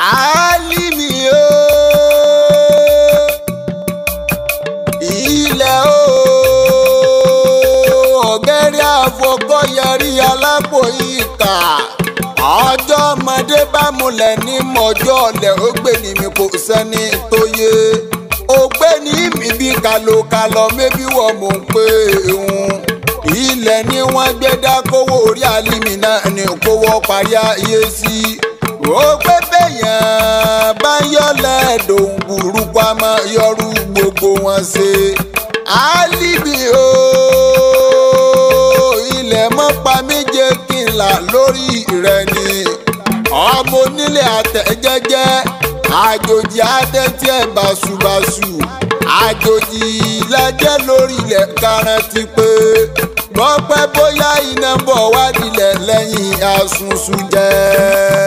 àálìmí o ilẹ̀ o ọ̀gẹ́rẹ́ àfọkọ́ yarí alápò ìkà ọjọ́ ọmọdé bá múlẹ̀ ní mọ̀jọ́ ọ̀lẹ̀ ó gbé ní mi kò sẹ́ni tó yé ó gbé ní mi bí kalokalo mébí wọ́n mò ń pè é hun ilẹ̀ ni wọ́n gbé dá kówó orí àlìmí náà ni kówó parí ayé sí. Si. dohun burúkú a máa yọrù gbogbo wọn ṣe alibi o ilẹ̀ mọ́pa méje kìlà lórí rẹ̀ ni ọmọ onílé àtẹ̀jẹ́jẹ́ àjòjì àtẹ̀tí ẹ̀ báṣubàṣu àjòjì lẹ́jẹ́ lórí ilẹ̀ kárẹ́ ti pé bọ́pẹ́ bóyá iná ń bọ̀ wá dilẹ̀ lẹ́yìn asùnsùn jẹ́.